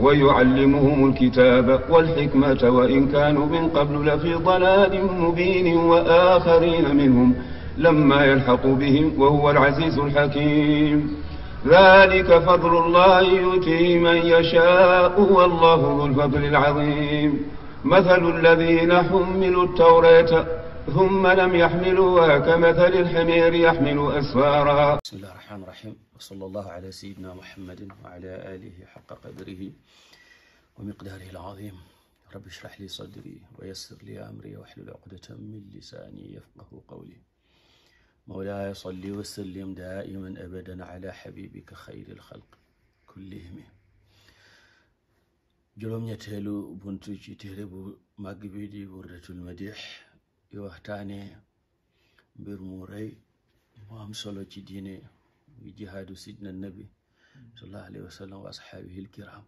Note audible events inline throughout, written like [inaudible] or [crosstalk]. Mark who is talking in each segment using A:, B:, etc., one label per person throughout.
A: ويعلمهم الكتاب والحكمة وإن كانوا من قبل لفي ضلال مبين وآخرين منهم لما يلحق بهم وهو العزيز الحكيم ذلك فضل الله يؤتيه من يشاء والله ذو الفضل العظيم مثل الذين حملوا التوراة ثم لم يحملوها كمثل الحمير يحمل أسفارا بسم الله الرحمن الرحيم وصلى الله على سيدنا محمد وعلى آله حق قدره ومقداره العظيم رب اشرح لي صدري ويسر لي أمري واحلل عقدة من لساني يفقه قولي مولاي صل وسلم دائما أبدا على حبيبك خير الخلق كلهم juróom-ñetteelu buntu ci téere bu màgg bi di burdatul madix waxtaane mbir mu rëy mu solo ci diine muy jihaadu sidna nabi sallallahu alayhi wa sallam wa ashaabihi alkiram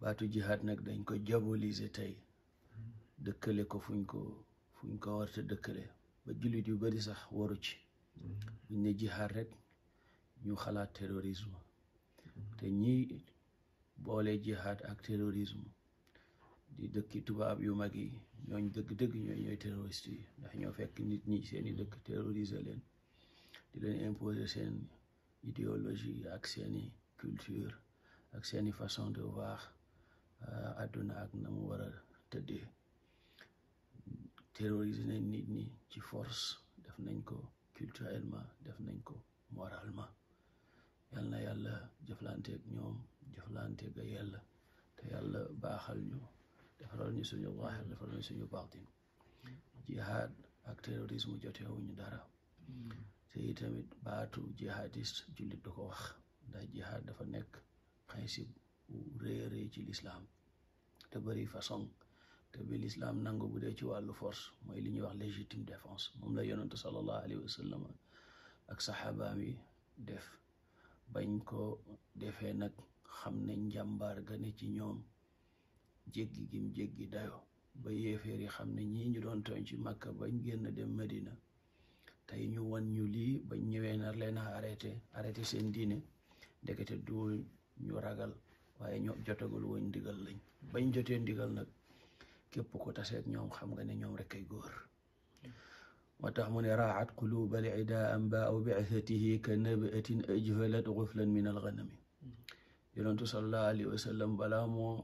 A: baatu jihaad nag dañ ko diaboliser tey dëkkale ko fuñ ko fuñ ko warta dëkkale ba jullit yu bari sax waru ci buñ ne jihaad rek ñu xalaat terrorisme te ñi boole jihaad ak terrorisme di dëkki tubaab yu mag yi ñooñ dëgg-dëgg ñooy ñooy terroriste yi ndax ñoo fekk nit ñi seeni dëkk terroriser leen di leen imposer seen idéologie ak seeni culture ak seeni façon de voir euh, àdduna ak na mu wara a tëddee terroriser nañ nit ñi ci force def nañ ko culturellement def nañ ko moralement yal na yàlla jëflanteeg ñoom jëflanteeg a yàlla te yàlla baaxal ñu defaral ñu suñu waaxir defaral ñu suñu baatin jihaad ak terrorisme jotewuñu dara hmm. te tamit baatu jihadiste jullit du ko wax ndax jihaad dafa nekk principe bu ci lislaam te bëri façon te bi lislaam nangu bu dee ci wàllu force mooy li ñuy wax légitime défense moom la yonentu sallallahu alayhi wa sallam ak saxaabaam yi def bañ ko defe nag xam ne njàmbaar ga ci ñoom jéggi gim jéggi dayo ba yéeféer yi xam ne ñii ñu doon tooñ ci màkka bañ génn dem Medina tey ñu wan ñu lii bañ ñëwee nar leen a arrêté seen diine ndekete du ñu ragal waaye ñoo jotagul woon ndigal lañ bañ jotee ndigal nag képp ko taseet ñoom xam nga ne ñoom rek ay góor moo tax mu ne raaxat quluba li ida am ba aw bi'thatihi ka nabatin ajhalat ghuflan min al-ghanami yonentu sallallahu alayhi wa sallam balaa moo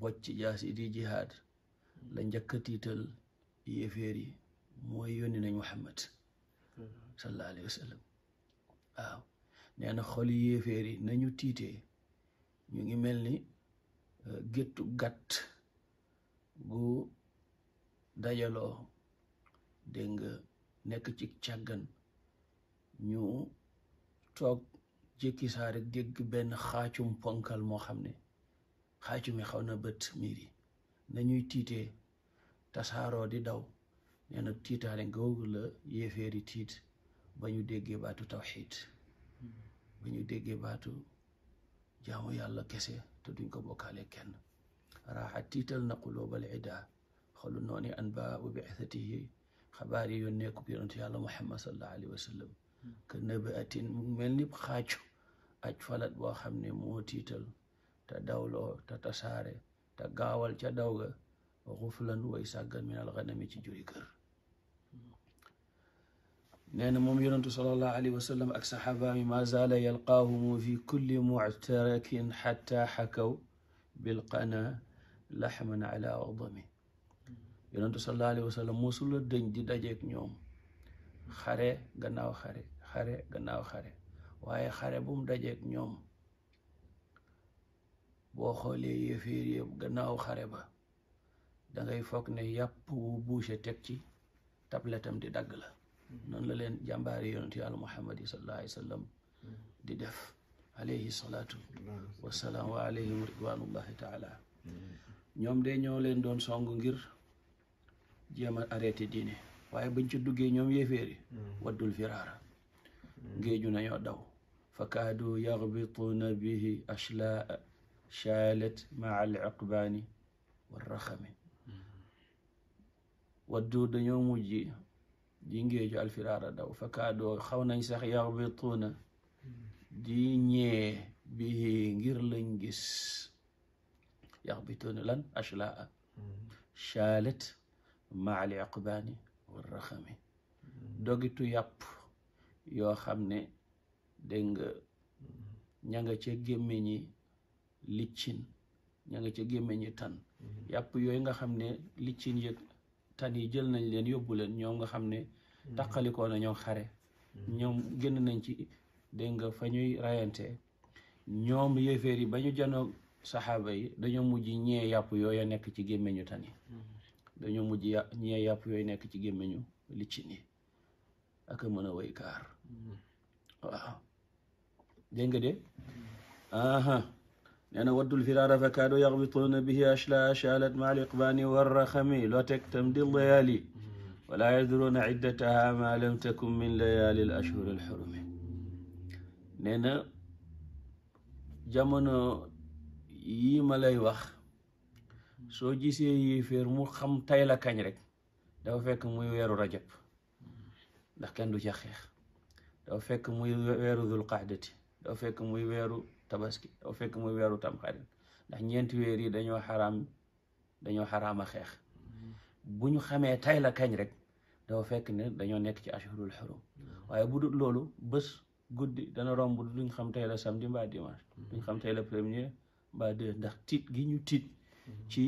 A: bocc jaasi di jihaad la njëkk a tiital yéeféer yi mooy yónni nañ Muhammad sallallahu alayhi wa waaw nee na yéeféer yi nañu tiitee ñu ngi mel ni euh, géttu gàtt gu dajaloo dégg nga nekk ci càggan ñu toog jékki saa rek benn xaacum ponkal moo xam ne xaaju mi xaw na bët miir yi nañuy tiitee tasaaroo di daw nee nag tiitaale googu la yéeféeri tiit ba ñu déggee baatu tawxiid ba ñu déggee baatu jaamu yàlla kese te duñ ko bokkaale kenn raaxa tiital na quluubal idaa xolu noonu an ba u bi'ithatihi xabaar yi yónnee ko yonentu yàlla muhammad sallallahu alayhi wa sallam que nëbaatin mu mel ni xaaju aj falat boo xam ne moo tiital te dawloo te tasaare te gaawal ca daw ga xuflan way sàggan minal xanami ci juri kër nee na moom yonentu sallallahu alayhi wa sallam ak saxaabaami ma zaala yalqaahumu fi kulli muctarakin xatta xakaw bilqana laxman ala odami yonentu sallallahu alayhi wa sallam mosula dëñ di dajeek ñoom xare gannaaw xare xare gannaaw xare waaye xare ñoom boo xoolee yéeféer yëpp gannaaw xare ba dangay foog ne yàpp wu bouché teg ci tabletam di dagg la mm-hmm. noonu la leen jàmbaari yonentu yàlla muhammad sallallahu alayhi wa sallam mm-hmm. di def alayhi salaatu wasalaam wa mm-hmm. ñoom de ñoo leen doon song ngir jéem a arrêté diine waaye bañ ci duggee ñoom yéeféeri waddul firaara ngéeju nañoo daw fa kaadu yagbituuna ashlaa shaalat maa al iqbaani wa raxami waddu dañoo mujj di ngéeju alfiraara daw fakaadoo xaw nañ sax yaxbituuna di ñee bi ngir lañ gis yaxbituuna lan ashlaa shaalat maa al iqbaani wa raxami dogitu yàpp yoo xam ne dégg nga ña nga ca gémmiñi liccin ña nga ca gémmeñi tan mm-hmm. yàpp yooyu nga xam ne liccin yëg tan yi jël nañ leen yóbbu leen ñoom nga xam ne mm-hmm. taqalikoo na ñoom xare mm-hmm. ñoom génn nañ ci dégg nga fa ñuy rayante ñoom yéeféer yi bañu ñu janoog saxaaba yi dañoo mujj ñee yàpp yooyu nekk ci gémmeñu tan mujj ñee yàpp yooyu nekk ci gémmeñu liccin yi ak a mën a way kaar nee na waddul firaara fa kaadu yaxbituuna bihi ashla ashaalat ma al iqbaani warraxami loo teg tam di layaali wala yadruuna iddataha ma lam takun min layaali al ashhur al xurumi nee na jamono yii ma lay wax soo gisee yi féer mu xam tay la kañ rek dafa fekk muy weeru rajab ndax kenn du ca xeex dafa fekk muy weeru dul qaadati dafa fekk muy weeru tabaski dafa fekk muy weeru tamxarit ndax ñeenti weer yi dañoo xaraam dañoo xaraama xeex bu ñu xamee tay la kañ rek dafa fekk ne dañoo nekk ci ashurul xurum waaye bu dul loolu bés guddi dana romb duñ xam tay la samedi mbaa dimanche duñ xam tay la premier mbaa deux ndax tiit gi ñu tiit ci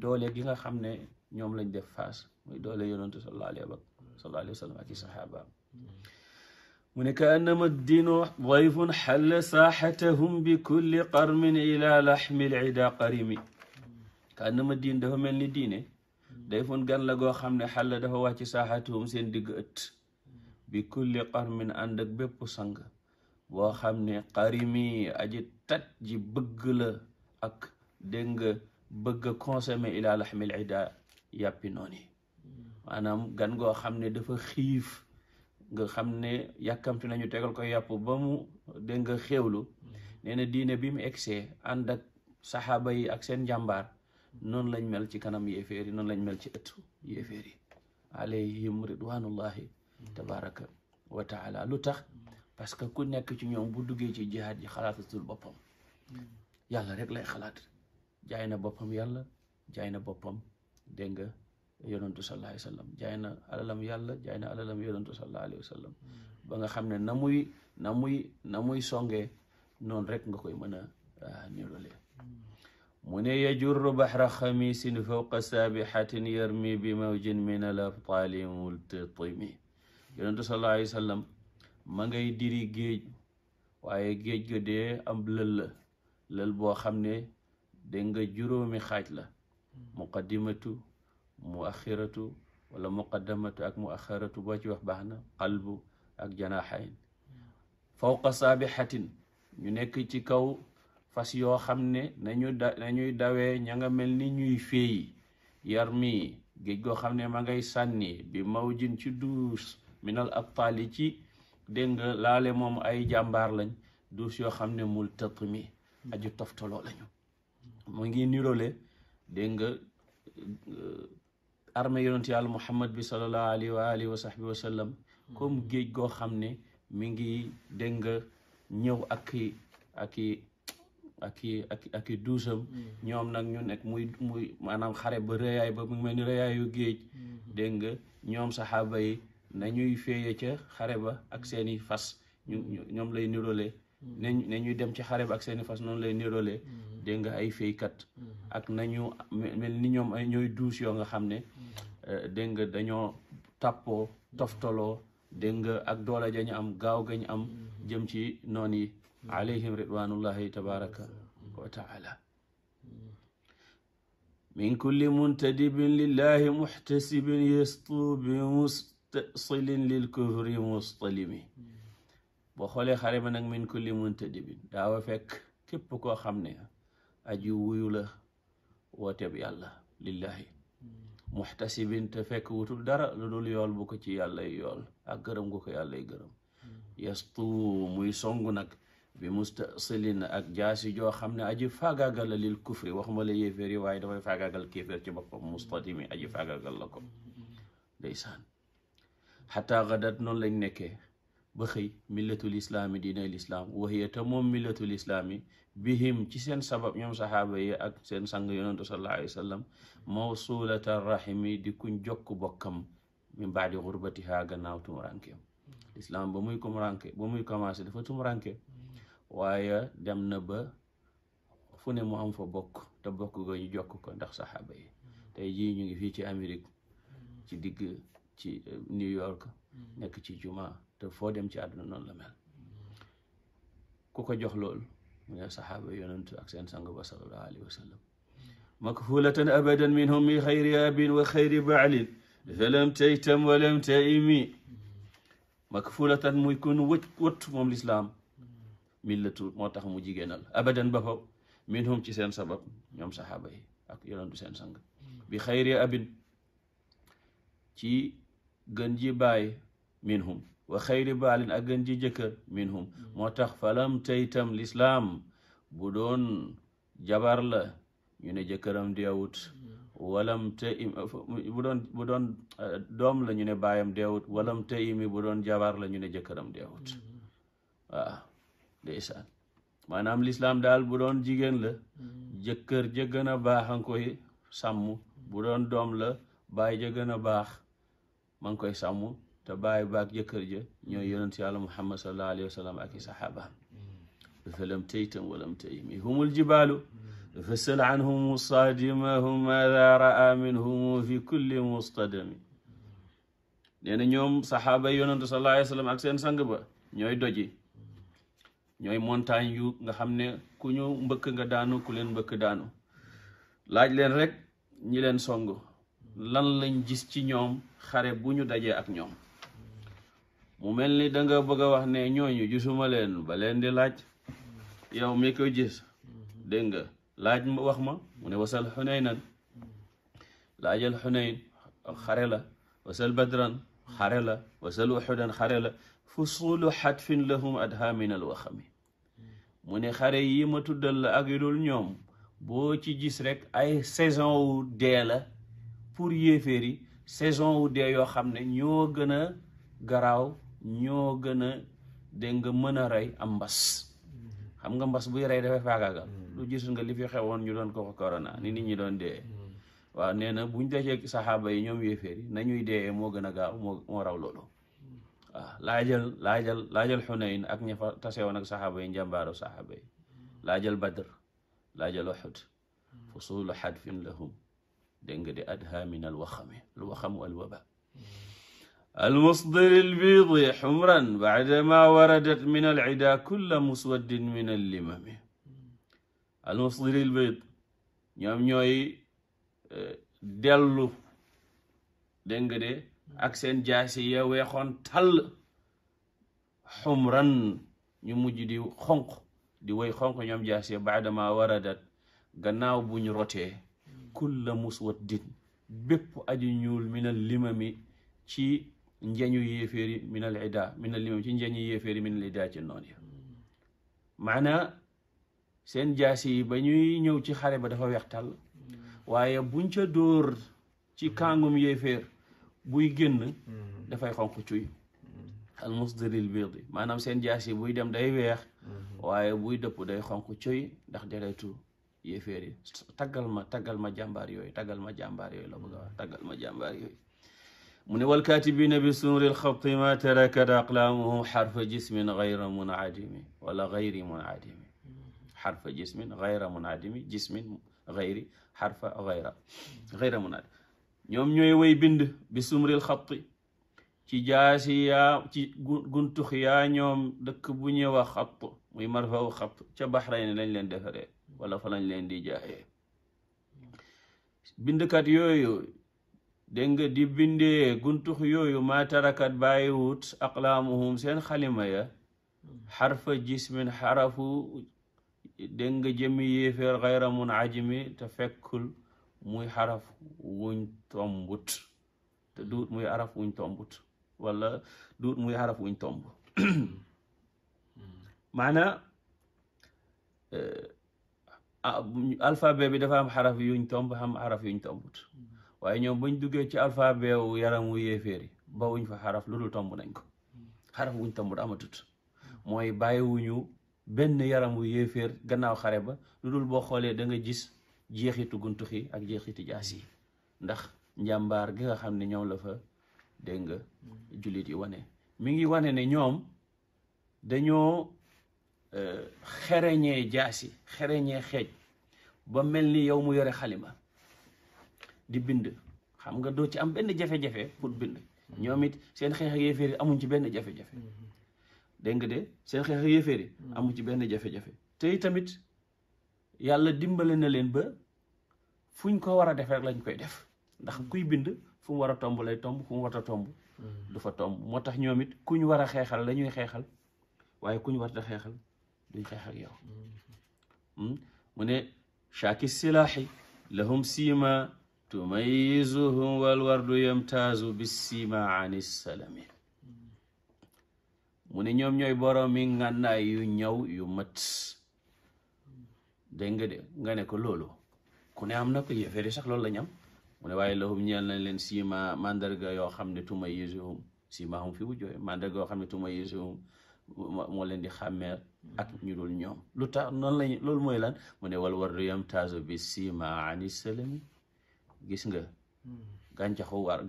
A: doole gi nga xam ne ñoom lañ def faas muy doole yonentu sallallahu alayhi wa sallam ak i saxaabaam mu ne ka annama diinu dayfun xalla saaxatahum bi kulli qarmin ila laxmil ida qarimi ka annama diin dafa mel ni diine dayfun gan la goo xam ne xalla dafa wàcc saaxatahum seen digg ëtt bi kulli qarmin ànd ak bépp sang boo xam ne qarimi aji tat ji bëgg la ak dégg nga bëgg a consommer ila laxmil ida yàppi noon yi maanaam gan goo xam ne dafa xiif nga xam ne yàkkamti nañu tegal ko yàpp ba mu dégg nga xéewlu nee diine bi mu egsee ànd ak saxaaba yi ak seen njàmbaar noonu lañ mel ci kanam yéeféer yi noonu lañ mel ci ëttu yéeféer yi alayhim ridwanullahi tabaraka wa taala lu tax parce que ku nekk ci ñoom bu duggee ci jihaad ji xalaatatul boppam yàlla rek lay xalaat jaay na boppam yàlla jaay na boppam dégg yonantu sallallahu alayhi wa sallam na alalam yàlla jaay na alalam yonantu sallallahu alayhi wa sallam ba nga xam ne na muy na muy na muy songee noonu rek nga koy mën a ah, nirole mu ne yajurru baxra xamisin fawqa saabixatin yarmi bi ma min al abtaali multatimi yonantu sallallahu alayhi wa sallam ma ngay diri géej waaye géej ga dee am lël la boo xam ne dégg nga juróomi xaaj la muqaddimatu mu axiratu wala muqaddamatu ak mu axaratu boo ci wax baax na qalbu ak janaaxayn fawqa saabixatin ñu nekk ci kaw fas yoo xam ne nañu da dawee ña nga mel ni ñuy féeyi yar mi géej goo xam ne ma ngay sànni bi mawjin ci duus ab abtaali ci dégg laale moom ay jàmbaar lañ duus yoo xam ne multatimi aju toftaloo lañu mu ngi nirole dégg nga armée yonent yàlla muhammad bi salallahu alayhi wa alihi wa sahbi wa sallam comme géej goo xam ne mi ngi dégg nga ñëw ak i ak i ak i ak ak i duusam ñoom nag ñu nekk muy muy maanaam xare ba rëyaay ba mu ngi mel ni rëyaayu géej dégg nga ñoom saxaaba yi nañuy feeye ca xare ba ak seeni fas ñu ñoom lay nirole Mm-hmm. ne ñuy dem ci xare bi ak seeni fas noonu lay niroole mm-hmm. dégg nga ay feykat mm-hmm. ak nañu mel ni ñoom ay ñooy duus yoo nga xam ne euh, dégg nga dañoo tàppoo toftaloo dégg nga ak doole ja ñu am gaaw ga ñu am jëm ci noon yi alayhim ridwanullahi tabaraka wa taala min kulli muntadibin lillahi muxtasibin yastu bi mustasilin lil kufri mustalimi boo xoolee xare ba nag min ko limun tëddibin daaw a fekk képp koo xam ne aju wuyu la wooteeb yàlla lillahi muxtasibin te fekk wutul dara lu dul yool bu ko ci yàlla yool ak gërëm gu ko yàlla gërëm yastu muy song nag bi mustasilin ak jaasi joo xam ne aju faagaagal la lil kufri ma la yéeféer yi waaye dafay faagaagal kéeféer ci boppam mustatimi aji faagaagal la ko ndeysaan xataa gadat noonu lañ nekke ba xëy millatul islaami diinay lislaam waxiya te moom millatul islaami bihim ci seen sabab ñoom saxaaba yi ak seen sang yonentu sallallahu alayhi wa sallam mawsulata rahimi di kuñ jokk bokkam min baadi xurbatiha gannaaw tumuranke lislaam ba muy kumuranke ba muy commencé dafa tumuranke waaye dem na ba fu ne mu am fa bokk te bokk ga ñu jokk ko ndax saxaaba yi tey jii ñu ngi fii ci Amérique ci digg ci euh, New York mm. nekk ci jumaa te foo dem ci àdduna noonu la mel ku ko jox lool mu ne ak seen sang ba sallallahu alayhi wa sallam makfulatan abadan minhum mi xayri abin wa xayri baalin falam taytam walam taimi makfulatan muy kun wët wët moom lislaam millatu moo tax mu jigéenal abadan ba faw minhum ci seen sabab ñoom saxaaba yi ak yonentu bi xayri abin ci gën baay minhum wa xayri baalin ak gën ji jëkkër minhum moo tax falam taytam lislaam bu doon jabar la ñu ne jëkkëram deewut walam te im bu doon bu euh, doom la ñu ne baayam deewut walam te imi bu doon jabar la ñu ne jëkkëram deewut maanaam lislaam daal bu doon jigéen la jëkkër ja gën a baax a ngi koy sàmm bu doon doom la baay ja gën a baax ma ngi koy sàmm te baay baak jëkkër ja ñooy yonent yàlla muhammad sallallahu alayhi wa sallam ak i saxaabaam fa lam taytam walam taymi humul jibaalu fasal anhum saadimahum maada raa minhum fi kulli mustadami nee ñoom saxaaba yonentu sallallahu alayhi wa ak seen sang ba ñooy doji ñooy montagne yu nga xam ne ku ñu mbëkk nga daanu ku leen mbëkk daanu laaj leen rek ñi leen song lan lañ gis ci ñoom xare bu ñu dajee ak ñoom mu mel ni danga nga bëgg a wax ne ñooñu gisuma leen ba leen di laaj yow mi ko gis dégg nga laaj wax ma mu ne wasal xunaynan laajal xunayn xare la wasal badran xare la wasal uxudan xare la fusulu xatfin lahum adha min alwaxami mu ne xare yi ma tuddal la ak yu ñoom boo ci gis rek ay saison wu dee la pour yéeféer yi saison wu dee yoo xam ne ñoo gën a garaaw ñoo gën a dégg nga mën a rey am mbas xam nga mbas buy rey dafay faagaagal mm. lu gis nga li fi xewoon ñu doon ko corona ni nit doon dee mm. waaw nee na buñ dajee saxaaba yi ñoom yéeféer yi ñuy dee moo gën a gaaw moo moo raw loolu waaw laajal laajal laajal xunayn ak ña fa tasewoon ak saxaaba yi njàmbaaru saxaaba yi laajal badr laajal uhud fusulu xadfin lahum dégg nga di adha min al waxame al المصدر البيض حمرا بعدما وردت من العدا كل مسود من اللمم المصدر البيض ñoom ñooy dellu dégg nga de ak seen jaasi ya weexoon tàll xumran ñu mujj di xonq di woy xonq ñoom jaasi ya baadama waradat gannaaw bu ñu rotee kulla muswaddin bépp aju ñuul minal limami njeeñu yéeféeri min al ida min al limam ci njeeñu yéeféeri min al ida ci noon ya seen jaasi ba ñuy ñëw ci xare ba dafa wextal waaye buñ ca dóor ci kàngum yéeféer buy génn dafay xonq cuy al musdiril biidi maanaam seen jaas yi buy dem day weex waaye buy dëpp day xonq coy ndax deretu yéeféer yi taggal ma taggal ma jàmbaar yooyu taggal ma jàmbaar yooyu la bëgg ma jàmbaar yooyu mu ne walkaatibiina bi sunuuril xatti ma tarakat aqlaamuhum xarfa jismin gayra munadimi wala gayri munadimi xarfa jismin gayra munadimi jismin gayri xarfa gayra gayra munadimi ñoom ñooy way bind bi sumril xatti ci jaasi yaa ci guntux yaa ñoom dëkk bu ñuy wax xatt muy marfawu xatt ca baxrayn lañ leen defaree wala fa lañ leen di jaayee bindkat yooyu dégg nga di bindee guntux yooyu maa tarakat wut aqlaamuhum seen xalima ya xarfa jismin xarafu dégg nga jëmi yéeféer xayra mun ajmi te fekkul muy xaraf wuñ tombut te duut muy xaraf wuñ tombut wala duut muy xaraf wuñ [coughs] eh, bi dafa am xaraf yuñ tomb am yuñ tombut waaye ñoom bañ duggee ci alphabet wu yaramu yéeféer yi ba wuñ fa xaraf lu dul tomb nañ ko xaraf wuñ tomb da amatut mooy bàyyiwuñu benn yaram wu yéeféer gannaaw xare ba lu dul boo xoolee da nga gis jeexitu guntux yi ak jeexitu jaas yi ndax njàmbaar gi nga xam ne ñoom la fa dégg nga jullit yi wane mu ngi wane ne ñoom dañoo euh, xereñee jaasi xereñee xeej ba mel ni yow mu yore xalima di bind xam nga doo ci am benn jafe-jafe pour bind ñoom it seen xeex ak amuñ ci benn jafe-jafe dégg nga de seen xeex ak yi mm-hmm. amuñ ci benn jafe te tamit yàlla dimbale na leen ba fuñ ko war a def lañ koy def ndax mm-hmm. kuy bind fu mu war a tomb lay tomb fu mu a tomb mm-hmm. du fa tomb moo tax ñoom it kuñ war a xeexal lañuy xeexal waaye kuñ war xeexal duñ xeex ak yow hmm? mu ne shaaki silaaxi lahum siima tumayizuhum walwardu yamtaazu bissima ani salami mu ne ñoom ñooy borom mi yu ñaw yu mat dégg nga de nga ne ko loolu ku ne am na ko yéeféeri sax loolu la ñam mu ne waaye lahum ñeel leen sima mandarga yoo xam ne tumayizuhum simahum fi wujjooy mandarga yoo xam ne tumayizuhum moo leen di xàmmee ak lu tax noonu lañ mooy lan mu ne wal wardu yamtaazu gis nga hmm. gàncaxu war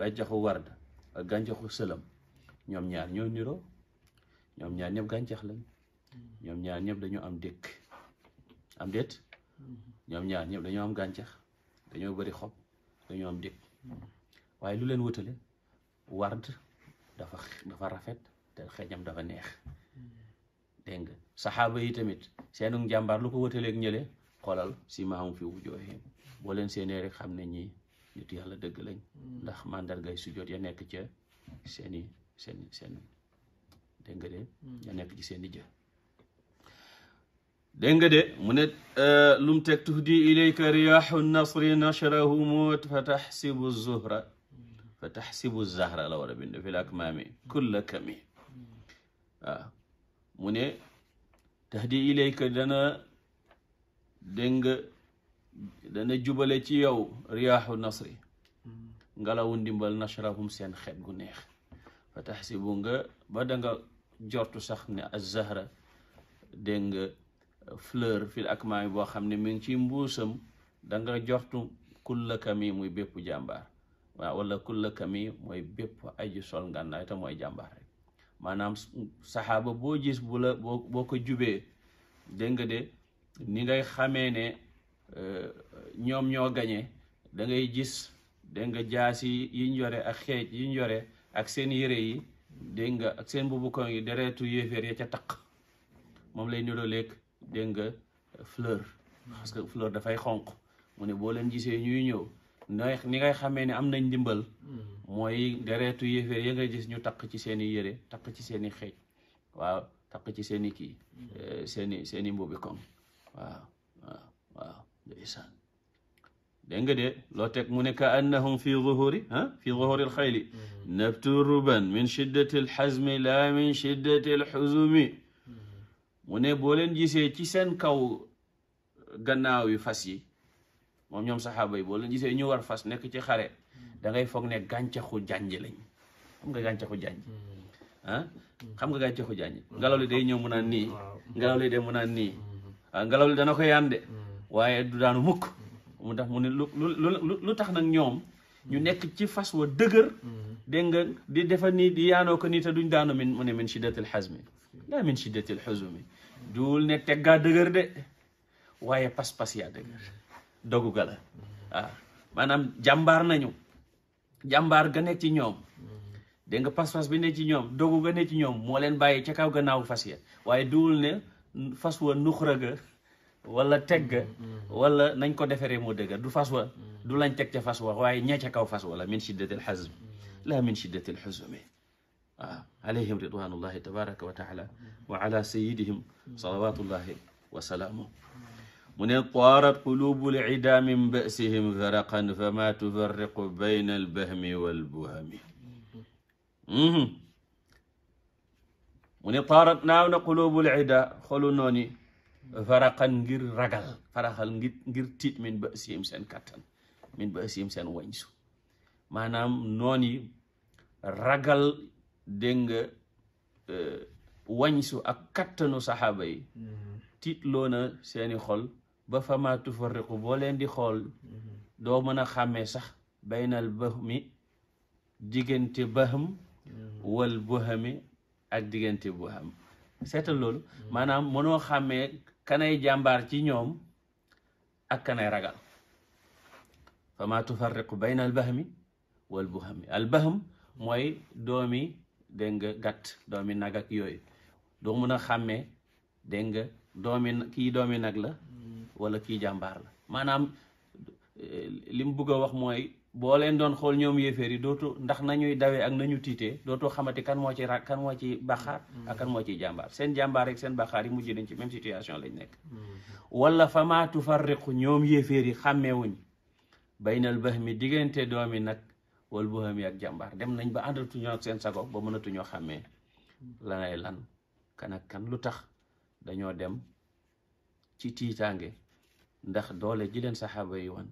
A: gàncaxu ward ak gàncaxu sëlam ñoom ñaar ñoo niroo ñoom ñaar ñëpp gàncax lañ hmm. ñoom ñaar ñëpp dañoo am dëkk am déet hmm. ñoom ñaar ñëpp dañoo am gàncax dañoo bari xob dañoo am dëkk waaye lu leen wutale ward dafa dafa rafet te xeeñam dafa neex dégg nga saxaaba yi tamit seen njàmbaar lu ko wutaleeg ñële xoolal si maam fi wu boo leen seenee rek xam ne ñi nit yàlla dëgg lañ ndax màndargay sujjoot ya nekk ca seeni seen nga de ya seeni jë dégg nga de mu ne euh, lum teg tuhdi ilayka riyahu nasri nashrahu mut fa taxsibu zuhra fa taxsibu zahra la war a bind fi lak maami kulla kami waaw mu ne tahdi ilayka dana dégg dana jubale ci yow riyaaxu nasri ngelawu ndimbal nashrahum seen xet gu neex fa taxsibu nga ba danga jortu sax ne az-zahra dégg nga fleur fil akmaami boo xam ne mi ngi ci mbuusam danga jortu kulla kami muy bépp jàmbaar wala kulla kami mooy bépp aji sol ngànnaay te mooy jàmbaar rek maanaam saxaaba boo gis boo ko jubee dégg de ni xamee ne ñoom ñoo gañe da ngay gis dégg nga jaas yi yiñ yore ak xeej yiñ yore ak seen yére yi dégg nga ak seen bubu koŋ yi deretu ca taq moom lay niroo léeg dégg nga fleur parce que fleur dafay xonq mu ne boo leen gisee ñuy ñëw ni ngay xamee ne am nañ ndimbal mooy deretu yéeféer ya nga gis ñu taq ci seen i yére taq ci seen i xeej waaw taq ci seen kii mm. eh, seen i seen i waaw waaw ndeysaan dégg nga de loo teg mu ne ka annahum fi zuhuri ah fi zuhuri alxayli mhm. nabtu ruban min shiddati alxazmi la min shiddati alxuzumi mu ne boo leen gisee ci seen kaw gannaaw yi fas yi moom ñoom saxaaba yi boo leen gisee ñu war fas nekk ci xare mhm. da ngay foog ne gàncaxu jànj lañ xam nga gàncaxu jànj ah xam nga gàncaxu jànj ngelaw li day ñëw mu naan nii ngelaw li day mu naan nii ah, ngelaw li dana ko yànde waaye du daanu mukk mu tax mu ne lu lu tax nag ñoom ñu nekk ci fas wa dëgër dégg nga di defa nii di yaanoo ko nii te duñ daanu min mu ne min shiddatil xasmi laa min shiddatil xusumi duul ne teggaa dëgër de waaye pas-pas yaa dëgër dogu ga la waaw maanaam jàmbaar nañu jàmbaar ga nekk ci ñoom dégg nga pas-pas bi ne ci ñoom dogu ga ne ci ñoom moo leen bàyyi ca kaw gannaaw fas ya waaye duul ne fas wa nuxra ga wala tegg mm-hmm, mm-hmm. wala nañ ko deferee moo dëgër du fas wa mm-hmm. du lañ teg ca fas wa waaye ña ca kaw fas wa la min shiddati alxazm la min shiddati alxuzumi waaw ah, alayhim ridwanullahi tabaraka wa taala wa ala sayidihim salawatullahi wa salaamu mu ne taarat qulubu lida min basihim faraqan fama tufarriqu bayna albahmi walbuhami mu ne taarat naaw na qulubu lida xolu nooni faraqan ngir ragal faraxal ngir ngir tiit min ba asiyim seen kattan min ba asiyim seen wañsu maanaam noon yi ragal dégg nga euh, wañsu ak kattanu saxaaba yi mm-hmm. tiit loo na seeni xol ba fama tufarriqu boo leen di xool mm-hmm. doo mën a xàmmee sax baynal bahmi diggante baham mm-hmm. wal buhami ak diggante buham seetal loolu maanaam mënoo xàmmee kanay jàmbaar ci ñoom ak kanay ragal fa ma tufarriqu bayna albahmi wal buhami albahm mooy doomi dégg nga gàtt doomi nag ak yooyu doo mun a xàmmee dégg nga doomi kii doomi nag la mm. wala kii jàmbaar la maanaam eh, li mu bëgg wax mooy boo leen doon xool ñoom yéeféer yi dootu ndax nañuy dawee ak nañu tiite dootoo xamati kan moo ci ra moo ci bàxaar mm-hmm. ak kan moo ciy jàmbaar seen jàmbaar rek seen bàxaar yi mujj nañ ci même situation lañ nekk mm-hmm. wala fama tufarriqu ñoom yéeféer yi xàmmeewuñ baynal bahmi diggante doomi nag wal bahmi ak jàmbaar dem nañ ba àndatuñoo ak seen sago ba mënatuñoo xàmmee lanay lan kan kan lu tax dañoo dem ci tiitaange ndax doole ji leen saxaaba yi wan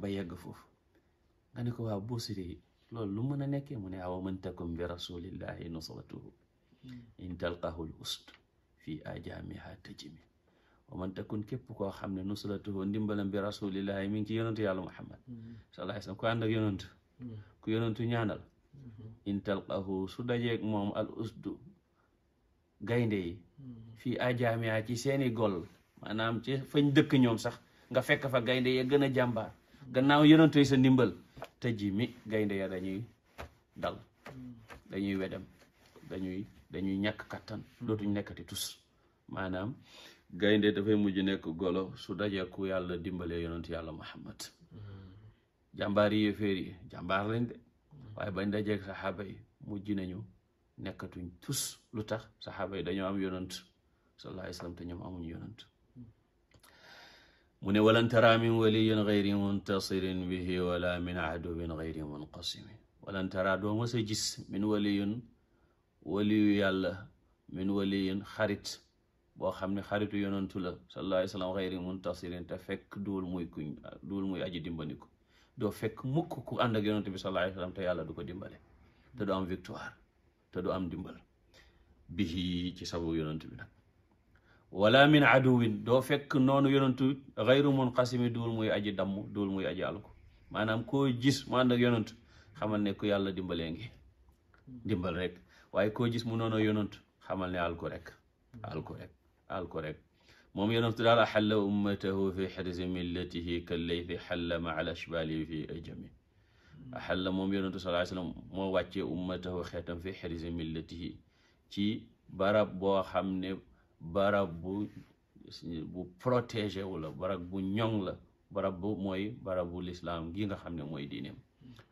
A: ba yegg foofu nga ne ko waaw buusiri loolu lu mën a nekkee mu ne awa man takum bi rasulillahi nusratuhu hmm. in talqahu l ust fi ajamiha tajimi wa man takun képp koo xam ne nusratuhu ndimbalam bi rasulillahi mi ngi ci yonantu yàlla muhammad hmm. sallallahu alayhi wasallam ku ànd hmm. ñaanal in talqahu su dajeeg moom al usdu gaynde yi fii ci seeni gol maanaam ci fañ dëkk ñoom sax nga fekk fa gaynde ya gën a gannaaw yonantoy sa ndimbal te ji mi gaynde ya dañuy dal dañuy wedem dañuy dañuy ñàkk kattan hmm. dootuñ nekkati tus maanaam gaynde dafay mujj nekk golo su dajee ku yàlla dimbalee yonent yàlla Muhammad hmm. jàmbaar yi yéeféer jàmbaar lañ de hmm. waaye bañ dajeeg saxaaba yi mujj nañu nekkatuñ tus lu tax saxaaba yi dañoo am yonent sallallahu alayhi wa sallam te ñoom amuñ yonent mu ne walan tara min waliyin gayri muntasirin bihi wala min ahdubin gayri munqasimin walan tara doo mas min waliyin waliyu yàlla min waliyin xarit boo xam ne xaritu yonantu la sallallahu alayhi wa sallam muntasirin te fekk duul muy kuñ duul muy aji dimbandiku doo fekk mukk ku ànd ak yonantu bi sallallahu alayhi wa sallam yàlla du ko dimbale te du am dimbal ci sabu yonantu wala min aduwin doo fekk noonu yonentu xayru munqasimi duul muy aji damm duul muy aji alko maanaam koo gis mu ànd ak yonentu xamal ne ku yàlla dimbalee ngi dimbal rek waaye koo gis mu noonu yonentu xamal ne alko rek alko rek alko rek moom yonentu daal axalla ummatahu fi xirsi millatihi kallayfi xalla ma al ashbaali fi ajami axalla moom yonentu sallallahu alayhi wa sallam moo wàccee ummatahu xeetam fi xirsi millatihi ci barab boo xam ne barab bu bu protégé wu bu ñoŋ la barab bu moy barab bu lislaam gi nga xam ne mooy diineem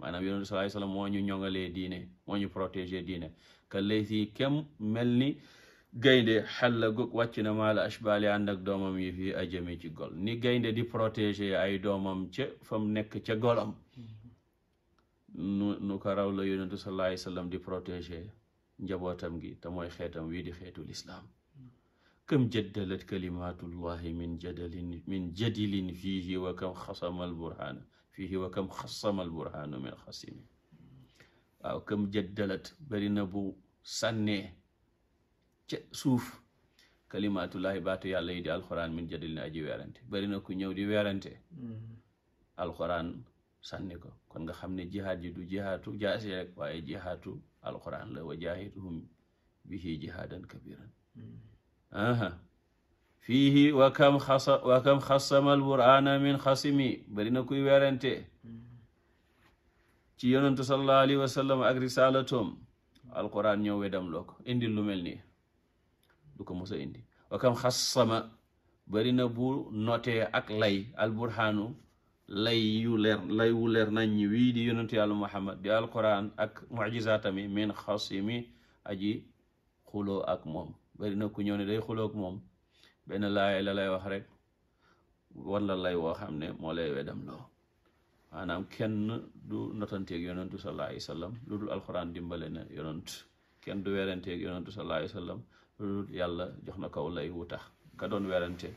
A: maanaam yonent bi sallallahu alayhi wa moo ñu ñoŋalee diine moo ñu protégé diine ka lay si mel ni gaynde xel la gog wàcc na maa la ashbaali ànd ak doomam yi fii ajame ci gol ni gaynde di protéger ay doomam ca fa mu nekk ca golam nu nu ko raw la yonentu sallallahu alayhi wa sallam di protéger njabootam gi te mooy xeetam wii di xeetu lislaam kam jaddalat kalimatullahi min jadilin fiihi wa kam xasama alburhaana fiihi kam jaddalat bari na bu sànnee ca suuf kalimatullahi baatu yàlla yi di alxuraan min jadalin aji weerante bari ku ñëw di weerante alxuraan sànni ko kon nga xam ne jihaad ji du jihaatu jaasi rek waaye jihaatu alxuraan la wa jaahiduhum bihi jihaadan kabiran fiihi wa kam xasa min xasimi bari na kuy werante ci yonentu sallallahu alayhi wa ak risalatoom alqur'an ñëw wedam loo indi lu mel nii du ko mos a bari na bu notee ak lay alburhaanu lay yu leer lay wu ñi wii di yonentu di alqur'an ak mucjisatami min xasimi aji xuloo ak moom bari na ku ñëw ne day xuloog moom benn laay la lay wax rek wala lay woo xam ne moo lay wedam loo maanaam kenn du notanteeg yonentu sallallahu alayhi wasallam lu dul alxuraan dimbale na yonent kenn du weeranteeg yonentu sallallahu alayhi wasallam yàlla jox na kaw lay wu tax ka doon weerante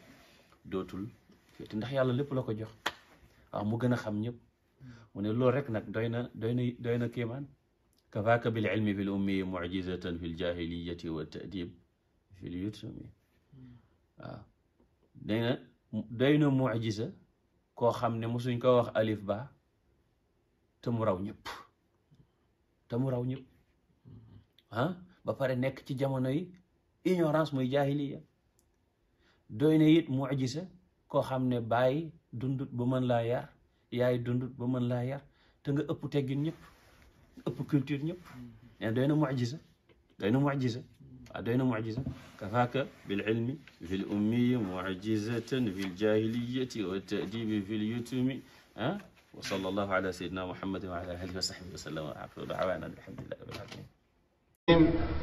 A: dootul te ndax yàlla lépp la ko jox mu gën a xam ñëpp mu ne loolu rek nag doy na doy na doy na kéemaan kafaaka bil ilmi bil ummi jahiliyati wa ta'dib fil yutumi waaw dégg nga doy na mujisa koo xam ne mosuñ ko wax alif ba te mu raw ñëpp te mu raw ñëpp ah, ba pare nekk ci jamono yi ignorance muy jaahiliya doy na it mujisa koo xam ne bay dundut ba mën laa yar yaay dundut ba mën laa yar te nga ëpp teggin ñëpp ëpp culture ñëpp mm-hmm. doy na mujisa doy na mujisa waaw doy na mucjisa kafaaka bil ilmi fi l ummiyi mucjizatan fi l jahiliyati wa tadibi fi l yutumi ah wa sallallahu ala sayyidina muhammadin wa ala alihi wa sahbihi wa sallam wa axiru da'waana alhamdulillahi rabbil alamin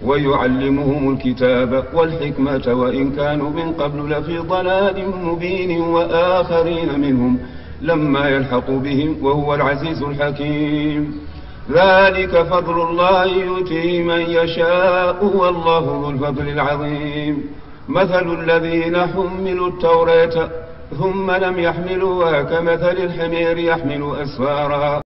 A: ويعلمهم الكتاب والحكمة وإن كانوا من قبل لفي ضلال مبين وآخرين منهم لما يلحقوا بهم وهو العزيز الحكيم ذلك فضل الله يؤتيه من يشاء والله ذو الفضل العظيم مثل الذين حملوا التوراة ثم لم يحملوها كمثل الحمير يحمل أسفارا